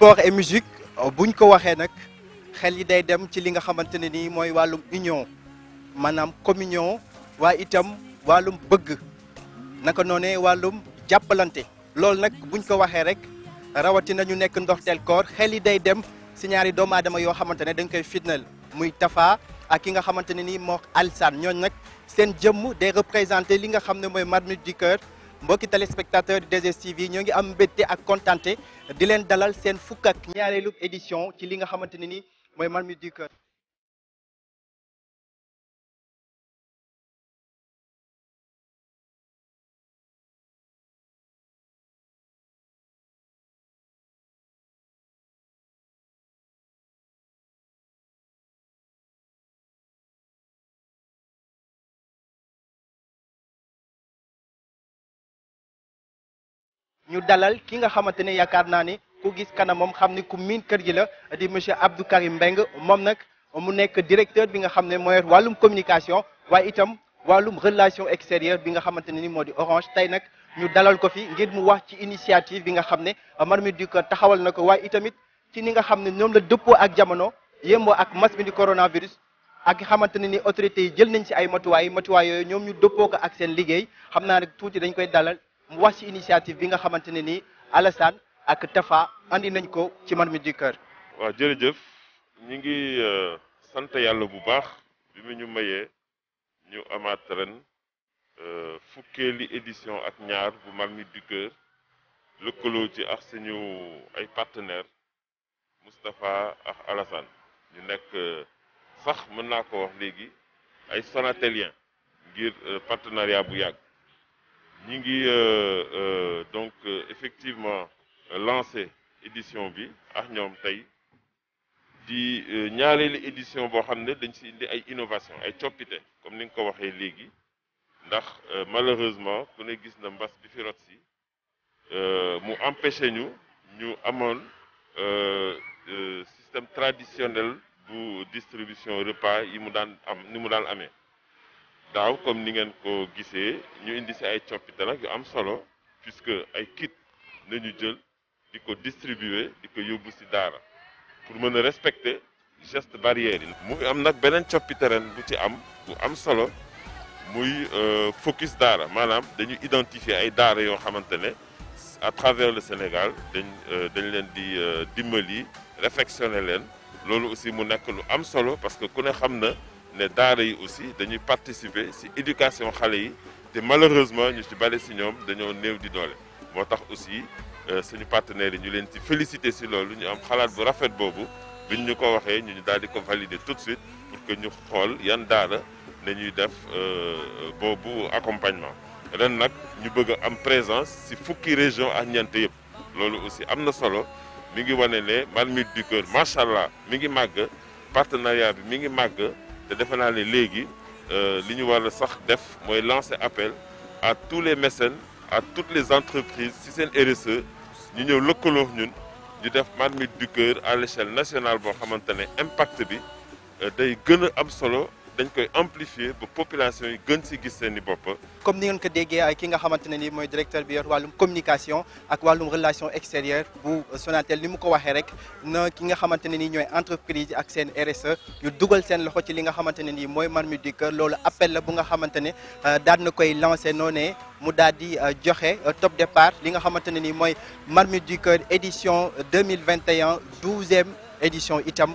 sport et musique buñ ko waxee nag xel yi day dem ci li nga xamante ne nii mooy wàllum union maanaam communion waa itam wàllum bëgg naka noonee wàllum jàppalante loolu nag buñ ko waxee rek rawatina ñu nekk ndox ndoxteel koor xel yi day dem si ñaari doomu aadama yoo xamante ne dañ koy fitnal muy Tafa ak ki nga xamante ne nii moo Alsaan ñooñ nag seen jëmm de représenté li nga xam ne mooy marmite du cœur mbokki téléspectateur 2STV yi ñoo ngi am mbégte ak kontaante di leen dalal seen fukk ak ñaareelu édition ci li nga xamante ne ni mooy Marmite mi Cœur ñu dalal ki nga xamante ne yaakaar naa ni ku gis kanam kanamam xam ni ku miin kër gi la di monsieur Abdou Karim Mbengue moom nag mu nekk directeur bi nga xam ne mooy wàllum communication waaye itam wàllum relation extérieure bi nga xamante ne ni moo di Orange tey nag ñu dalal ko fi ngir mu wax ci initiative bi nga xam ne Marmite du Cœur taxawal na ko waaye itamit ci ni nga xam ne ñoom la dëppoo ak jamono yémboo ak mas mi di coronavirus ak xamante ni autorités yi jël nañ si ay matuwaay matuwaay yooyu ñoom ñu dëppoo ko ak seen liggéey xam naa rek tuuti dañ koy dalal mu wax ci initiative bi nga xamante ne ni Alassane ak Tafa andi nañ ko ci Marmite du waa waaw jërëjëf ñi ngi euh, sant yàlla bu baax bi mu ñu mayee ñu amaat ren euh, fukkeeli édition ak ñaar bu Marmite du Cœur lëkkaloo ci ak suñu ay partenaires Moustapha ak Alassane ñu nekk euh, sax mën naa ko wax léegi ay sonateliens ngir partenariat bu yàgg. ñu ngi euh, euh, donc euh, effectivement lancé édition bi ak ñoom tey di ñaareelu édition boo xam ne dañ si indi ay innovation ay coppite comme ni nga ko waxee léegi ndax malheureusement ku ne gis na mbas bi fi rot si mu empêché ñu ñu amoon système traditionnel bu distribution repas yi mu daan am ni mu daan amee daaw comme ni ngeen ko gisee ñu indi si ay coppite nag yu am solo puisque ay kit nañu jël di ko distribuer di ko yóbbu si daara pour mën a respecter geste barrière yi. mu am nag beneen coppite ren bu ci am bu am solo muy euh, focus daara maanaam dañu identifier ay daara yoo xamante ne à travers le Sénégal dañ euh, dañ leen di euh, dimbali réfectionner leen loolu aussi mu nekk lu am solo parce que ku ne xam na. les daara yi aussi dañuy participer ci éducation xale yi te malheureusement ñu ci bari ci ñoom dañoo néew di doole moo tax aussi euh, suñu partenaires yi ñu leen ci féliciter ci loolu ñu am xalaat bu rafet boobu bi ñu ko waxee ñu daal di ko validé tout de suite pour que ñu xool yan daara nañuy def euh, boobu accompagnement ren nag ñu bëgg a am présence ci fukki région ak ñeent yëpp loolu aussi am na solo mi ngi wane ne Marmite du Cœur macha allah mi ngi màgg partenariat bi mi ngi màgg te defe naa ne léegi euh, li ñu war sax def mooy lancer appel à tous les mécènes à toutes les entreprises ci seen RSE ñu ñëw lëkkaloo ñun ñu def marmite du cœur à l'échelle nationale boo xamante ne impact bi euh, day gën a am solo. dañ koy amplifier ba population yi gën si gis seen i bopp. comme ni ngeen ko déggee ay ki nga xamante ne nii mooy directeur bi yor wàllum communication ak wàllum relation extérieure bu Sonatel ni mu ko waxee rek na ki nga xamante ne nii ñooy entreprise ak seen RSE ñu dugal seen loxo ci li nga xamante ne nii mooy Marmite du Cœur loolu appel la bu nga xamante ne euh, daan na koy lancé noonee mu daal di euh, joxe euh, top départ li nga xamante ne nii mooy Marmite du Cœur édition 2021 douzième édition itam.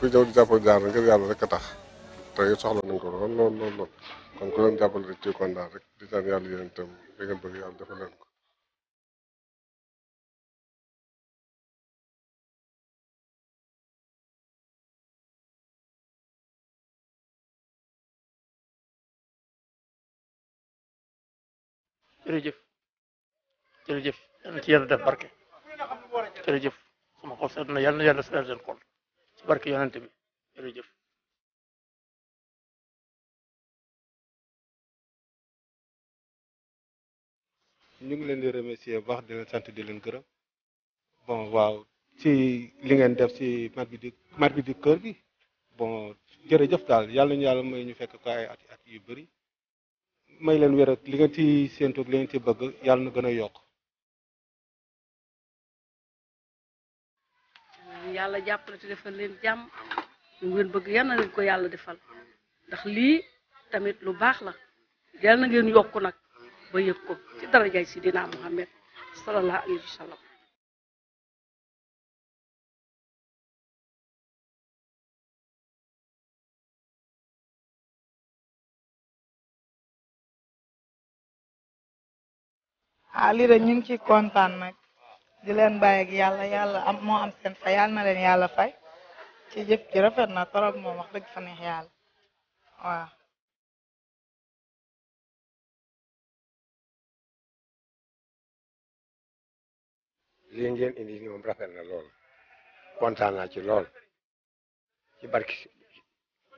ku ñëw di jàppale jaar ngir yàlla rek a tax te soxla nañ ko lool lool lool lool kon ku leen jàppale rek ci kontaan rek di ñaan yàlla yéen itam li ngeen bëgg yàlla defal leen ko jërëjëf jërëjëf yàlla ci yàlla def barke jërëjëf sama xol sedd na yàlla na yàlla sedd seen xol barke yonante bi jërëjëf ñu ngi leen di remercier baax di leen sant di leen gërëm bon waaw ci li ngeen def ci mag di kër gi jërëjëf daal yàlla ñu yàlla may ñu fekk ko ay at at yu bëri may leen wér li ngeen ci séentu li ngeen ci bëgg yàlla na gën a yokk yàlla jàppale te defal leen jàmm ñu ngeen bëgg yal na leen ko yàlla defal ndax lii tamit lu baax la yal na ngeen yokku nag ba yëg ko ci darajaay Sidina Muhammad sallallahu alayhi wa di leen bàyyi ak yàlla yàlla moo am seen fay yàlla na leen fay ci jëf na torop moom wax dëgg fa neex yàlla waaw indi ni moom rafet na lool kontaan naa ci lool ci barki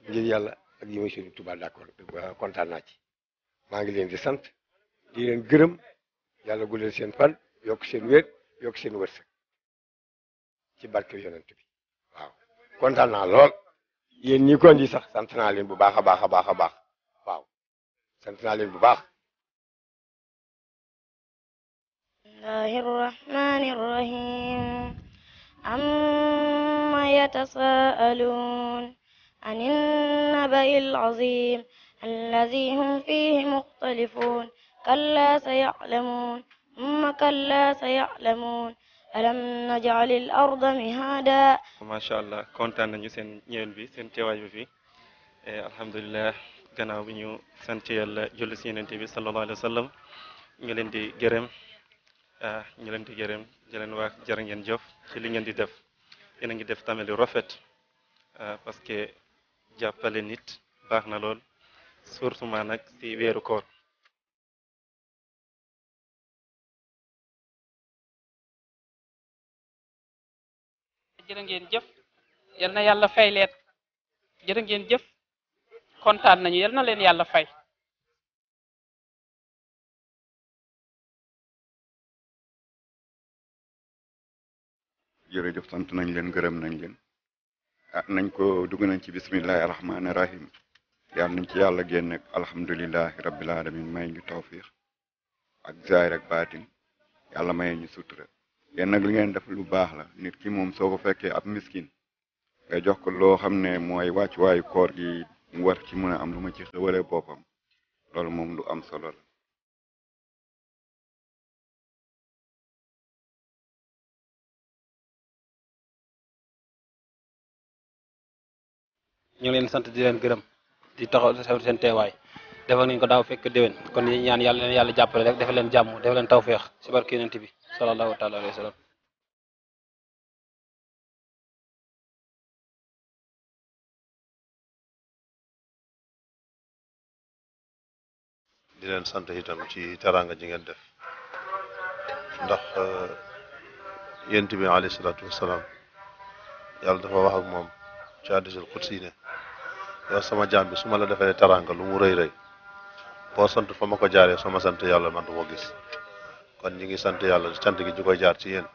ngir yàlla ak yi muy Sëriñ Tuubaa d'accord kontaan naa ci maa ngi leen di sant di gërëm yàlla gu seen fan yokk seen wéet yokk seen wërsëg ci barke yonent bi waaw kontaan naa lool yéen ñi ko indi sax sant naa leen bu baax a baax a baax a baax waaw sant naa leen bu baax الله الرحمن الرحيم عما يتساءلون عن النبأ العظيم الذي هم فيه مختلفون كلا سيعلمون ثم كلا سيعلمون alam najalil arda mihada macha allah kontaan nañu seen ñëwen bi seen teewaay bi fii alhamdulilah gannaaw bi ñu sant yàlla julli si seen bi sallallahu alayhi wa sallam ñu leen di gërëm ñu leen di gërëm di leen wax jëf li ngeen di def yéen a ngi def tamit lu rafet parce jàppale nit baax na lool surtout nag si weeru koor jërë ngeen jëf yal na yàlla leen jërë ngeen jëf kontaan nañu yal na leen yàlla fay jërëjëf sant nañ leen gërëm nañ leen ah nañ ko dugg nañ ci bismillahi rahmaani rahim ci yàlla génn ak alhamdulilahi rabbil alamin may ñu tawfiq ak zaahir ak baatin yàlla may ñu sutura yéen nag li ngeen def lu baax la nit ki moom soo ko fekkee ab miskin nga jox ko loo xam ne mooy wàccuwaayu koor gi mu war ci mën a am lu ma ci xëwale boppam loolu moom lu am solo la ñu ngi leen sant di leen gërëm di taxaw seen teewaay defal nañ ko daaw fekk déwén kon ñu ñaan yàlla leen yàlla jàppale rek defal leen jàmm defal leen tawféex si barke yonent bi sallallahu taala alayhi wa sallam di leen sant itam ci ji ngeen def ndax euh, yonent bi alayhi salaatu dafa wax ak moom ci hadiisul qudsi ne yow sama jaam bi su ma la defalee teraanga lu mu rëy rëy boo sant fa ma ko jaaree soo ma sant yàlla man du ma gis kon ñi ngi sant yàlla sant gi ñu koy jaar ci yéen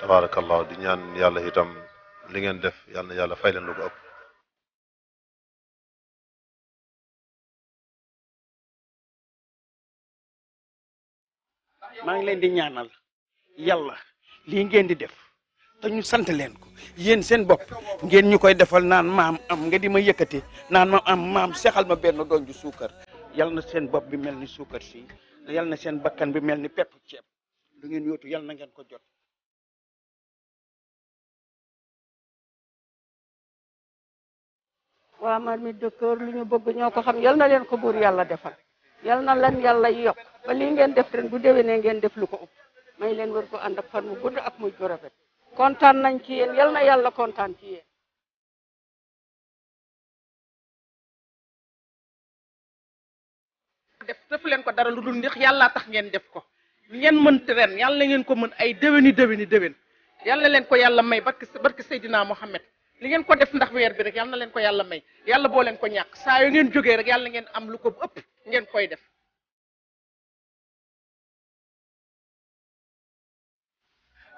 tabarakallahu di ñaan yàlla itam li ngeen def yàlla na yàlla fay leen lu ko ëpp ngi leen di ñaanal yàlla lii ngeen di def te ñu sant leen ko yéen seen bopp ngeen ñu koy defal naan maam am nga di ma yëkkati naan ma am maam seexal ma benn doon ju suukar yal na seen bopp bi mel ni suukar si yal na seen bakkan bi mel ni pepp ceeb lu ngeen yootu yal na ngeen ko jot waa man mi docteur lu ñu bëgg ñoo ko xam yal na leen ko buur yàlla defal yal na lan yàlla yokk ba lii ngeen def ren bu déwénee ngeen def lu ko ëpp may leen war ko ànd ak fan mu gudd ak muy jorabet kontaan nañ ci yéen yal na yàlla kontaan ci def def leen ko dara lu dul ndax yàlla tax ngeen def ko ngeen mën ren yàlla ngeen ko mën ay déwéni déwéni déwén yàlla leen ko yàlla may barki barki Seydina Mohamed li ngeen ko def ndax weer bi rek yàlla na leen ko yàlla may yàlla boo leen ko ñàkk saa yu ngeen jógee rek yàlla ngeen am lu ko ëpp ngeen koy def.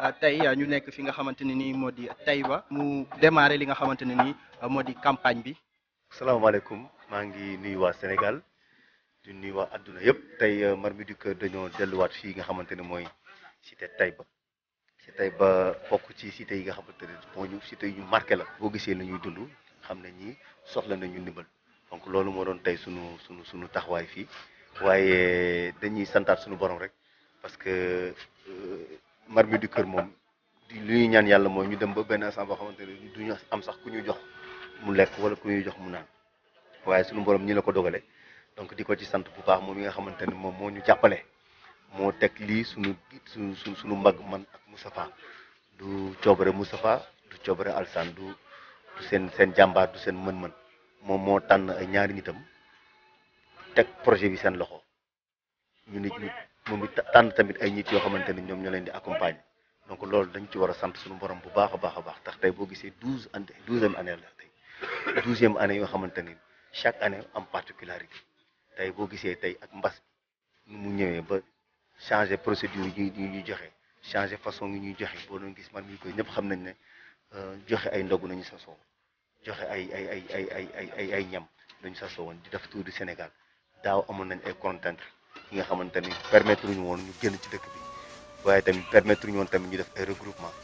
Euh, tey euh, ñu nekk fi nga xamante ne nii moo di Taïba mu démarré li nga xamante ne nii euh, moo di campagne bi. salaamaaleykum maa ngi nuyu waa Sénégal di nuyu waa adduna yëpp tey Marmite du Cœur dañoo delluwaat fii nga xamante ne mooy cité tey ba Taïba bokk ci cité yi nga xamante ne moo ñu cité yi ñu marqué la. boo gisee la ñuy dund xam na ñi soxla nañu ndimbal donc loolu moo doon tey sunu sunu sunu taxawaay fii waaye dañuy santaat sunu borom rek parce que. Marmite du Cœur moom di li ñaan yàlla mooy ñu dem ba benn instant boo xamante ne du am sax ku ñu jox mu lekk wala ku ñuy jox mu naan waaye suñu borom ñi la ko dogale donc di ko ci sant bu baax moom mi nga xamante ne moom moo ñu jàppale moo teg lii suñu suñu suñu suñu mbagg man ak Moustapha du coobare Moustapha du coobare du seen seen jàmbaar seen mën-mën moom moo tànn ay ñaar nitam teg projet bi seen loxo ñu nit moom it tànn tamit ay nit yoo xamante ni ñoom ñoo leen di accompagner donc loolu dañ ci war a sant suñu borom bu baax a baax a baax tax tey boo gisee douze an douzième année la tey douzième année yoo xamante ni chaque année am particularité tey boo gisee tey ak mbas bi nu mu ñëwee ba changer procédure yi ñu ñu joxe changer façon yi ñuy joxe boo doon gis man mii koy ñëpp xam nañ ne euh, joxe ay ndogu nañu sa soow joxe ay ay ay ay ay ay ay ñam dañu sa soowoon di def tour Sénégal daaw amoon nañ ay contraintes yi nga xamante ni permettre ñu woon ñu génn ci dëkk bi waaye tamit permettre ñu woon tamit ñu def ay regroupement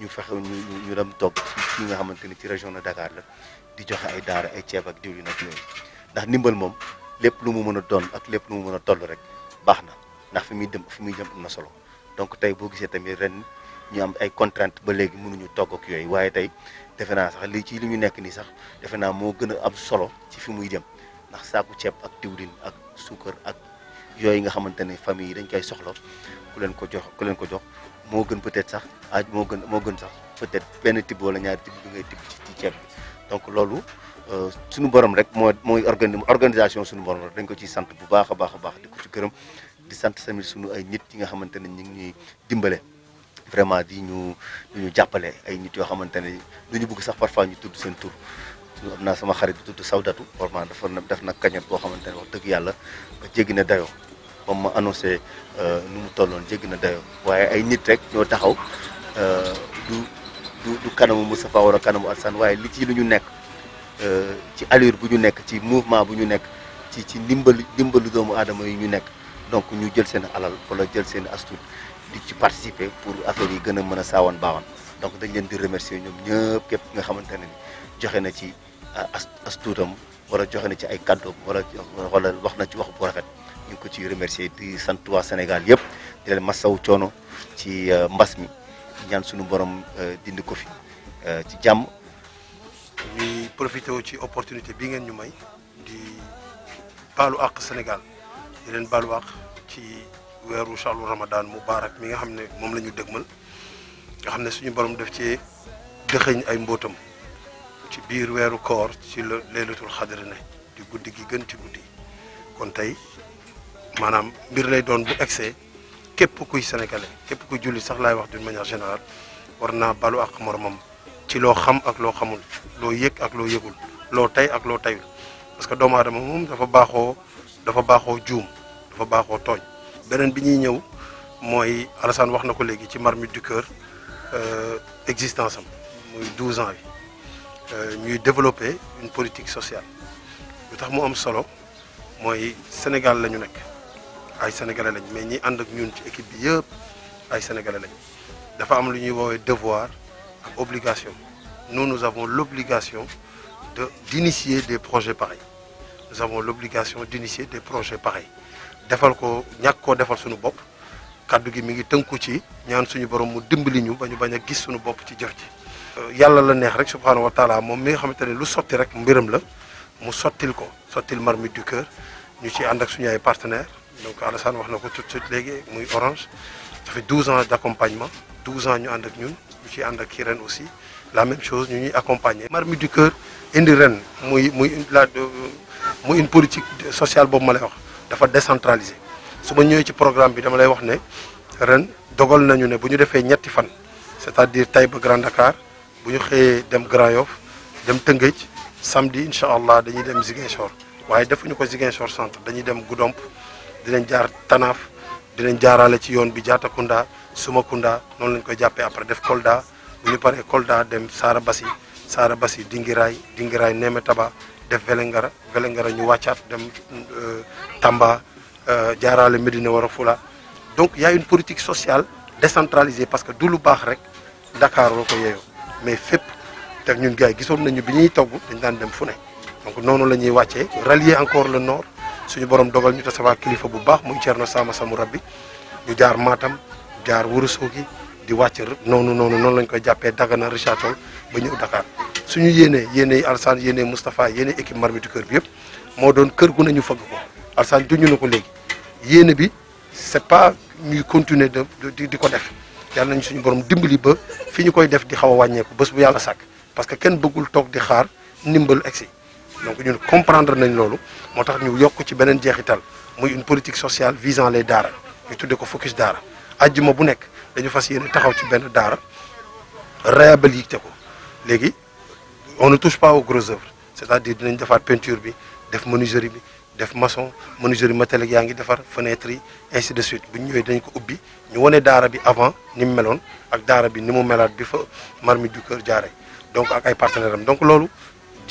ñu fexe ñu ñu dem toog fii nga xamante ni ci région de Dakar la di joxe ay daara ay ceeb ak diwlin ak yooyu ndax ndimbal moom lépp lu mu mën a doon ak lépp lu mu mën a toll rek baax na ndax fi muy dem fi muy jëm am na solo donc tey boo gisee tamit ren ñu am ay contrainte ba léegi mënuñu togg ak yooyu waaye tey defe naa sax ci li ñu nekk nii sax defe naa moo gën a am solo ci fi muy jëm ndax saaku ceeb ak ak suukar ak yooyu nga xamante ne famille yi dañ koy soxla ku leen ko jox ku leen ko jox moo gën peut-être sax aaj moo gën moo gën sax peut-être benn tibb wala ñaari tibb bi ngay tibb ci ceeb bi donc loolu euh, suñu borom rek moo mooy organi organisation suñu borom rek dañ ko ciy sant bu baax a baax a baax di ko ci këram di sant tamit suñu ay nit yi nga xamante ne ñu ngi ñuy dimbale vraiment di ñu di ñu jàppale ay nit yoo xamante ne du ñu bugg sax parfois ñu tudd seen tur suñu am naa sama xarit bi tudd Sawdatu vraiment dafa def na kañot boo xamante ne wax dëgg yàlla jéggi dayoo ba ma annoncé euh, nu mu tolloon jéggi na dayoo waaye ay nit rek ñoo taxaw euh, du du du kanamu Moustapha wala kanamu alsan waaye li ci lu ñu nekk euh, ci allure bu ñu nekk ci mouvement bu ñu nekk ci ci ndimbalu ndimbalu doomu aadama yi ñu nekk donc ñu jël seen alal wala jël seen astuut di ci participer pour affaire yi gën a mën a saawan baawan donc dañ leen di remercier ñoom ñëpp képp nga xamante ne joxe na ci as astuutam wala joxe na ci ay kàddoom wala wala wax na ci waxu bu rafet. ñu ko ci remercier di sant waa Sénégal yëpp di leen masaw coono ci euh, mbas mi ñaan suñu borom euh, dindi ko fi euh, ci jàmm. ñuy profité ci opportunité bi ngeen ñu may di baalu àq Sénégal di leen baalu àq ci weeru shahru Ramadan mubarak mi nga xam ne moom la ñu dëgmal nga xam ne suñu borom def ci dëxëñ ay mbootam ci biir weeru koor ci la leelatul xadri ne di guddi gi gën ci guddi kon tey maanaam mbir lay doon bu excès képp kuy sénégalais képp kuy julli sax laay wax d'une manière générale war naa balu ak moromam ci loo xam ak loo xamul loo yëg ak loo yëgul loo tey ak loo teyul parce que doomu adama moom dafa baaxoo dafa baaxoo juum dafa baaxoo tooñ beneen bi ñuy ñëw mooy Alassane wax na ko léegi ci marmite du cœur euh, existence am muy 12 ans yi euh, ñuy développer une politique sociale lu tax mu am solo mooy Sénégal la ñu nekk ay sénégalais lañ mais ñi ànd ak ñun ci équipe bi yëpp ay sénégalais lañ dafa am lu ñuy woowe devoir ak obligation noonu nous avons l'obligation de d'initier des projets pareils nous avons l'obligation d'initier des projets pareils defal ko ñàkk koo defal suñu bopp kàddu gi mi ngi tënku ci ñaan suñu borom mu dimbali ñu ba ñu bañ a gis suñu bopp ci jëf ci yàlla la neex rek subhaanahu wa moom mi nga xamante ne lu sotti rek mbiram la mu sottil ko sottil Marmite du ñu ci ànd ak suñu partenaires. donc Alassane wax na ko tout de léegi muy Orange ça fait 12 ans d' accompagnement ans ñu ànd ak ñun ñu ciy ànd ak kii ren aussi la même chose ñu ñuy accompagner. Marmite du Cœur indi ren muy muy la muy une politique sociale boobu ma lay wax dafa décentraliser su ma ñëwee ci programme bi dama lay wax ne ren dogal nañu ne bu ñu defee ñetti fan c' est à dire tey ba Grand Dakar bu ñu xëyee dem Grand Yoff dem Tëngéej samedi incha allah dañuy dem Ziguinchor waaye defuñu ko Ziguinchor centre dañuy dem Goudomp. dinañ jaar Tanaaf dinañ jaarale ci yoon bi Diatakunda Sumakunda noonu lañ koy jàppee après def Kolda bu ñu paree Kolda dem Saara Basi Saara Basi Dingiraay Dingiraay Nemetaba def Vélingara Vélingara ñu wàccaat dem euh, Tamba euh, jaaraale Médina Wara Fula donc y a une politique parce que du lu baax rek Dakar ko yeeyoo mais fépp te ñun gars gisoon nañu bi ñuy togg dañ daan dem fu ne donc noonu la ñuy wàccee rallier encore le nord suñu borom dogal ñu tasawaa kilifa bu baax muy Thierno Sama Samu Rabbi ñu jaar maatam jaar Ourossogui di wàcc noonu noonu noonu lañ koy jàppee Dagana Richard Toll ba ñëw Dakar suñu yéenee yéeney Alsaan yéeney Moustapha yéeney équipe Marmite kër bi yëpp moo doon kër gu nañu fëgg ko Alsaan ñu na ko léegi yéene bi c'est pas ñuy continuer de di ko def yàlla nañu suñu borom dimbali ba fi ñu koy def di xaw a wàññeeku bés bu yàlla sàkk parce que kenn bëggul toog di xaar ndimbal egsi donc ñun comprendre nañ loolu moo tax ñu yokk ci beneen jeexital muy une politique sociale visant les daara ñu tuddee ko focus daara ajjuma bu nekk dañu fas yéene taxaw ci benn daara réhabilité ko léegi on ne touche pas aux grosses œuvres c'est-à-dire dinañ defaat peinture bi def menuiserie bi def maçon menuiserie métallique yaa ngi defar fenêtre yi de suite bu ñu ñëwee dañ ko ubbi ñu wane daara bi avant ni mu meloon ak daara bi ni mu melaat bi fa Marmite du Cœur jaaree donc ak ay partenaires donc loolu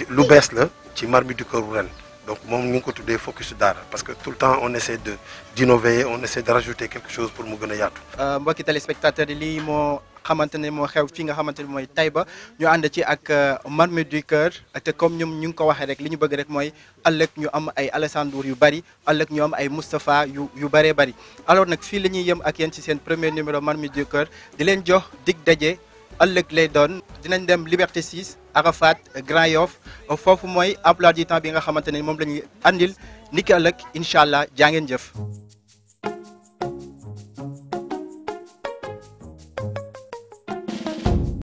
lu bees la. ci marmi du Cœur ren donc moom ñu ngi ko tuddee focus daara parce que tout le temps on essaie de d'innover on essaie de rajouter quelque chose pour mu gën a yaatu. Euh, mbokki téléspectateurs yi lii moo xamante ne moo xew fii nga xamante ne mooy Taïba ñu ànd ci ak euh, Marmite du Cœur te comme ñoom ñu ngi ko waxee rek li ñu bëgg rek mooy ëllëg ñu am ay Alassane yu bari ëllëg ñu am ay Moustapha yu yu bëree bari alors nag fii la ñuy yëm ak yéen ci seen premier numéro Marmite du Cœur di leen jox dig daje. ëllëg lay done dinañ dem Liberté 6 Arafat Grand Yoff foofu mooy emploi du temps bi nga xamante ne moom la ñuy andil ni ki ëllëg incha allah jaa ngeen jëf.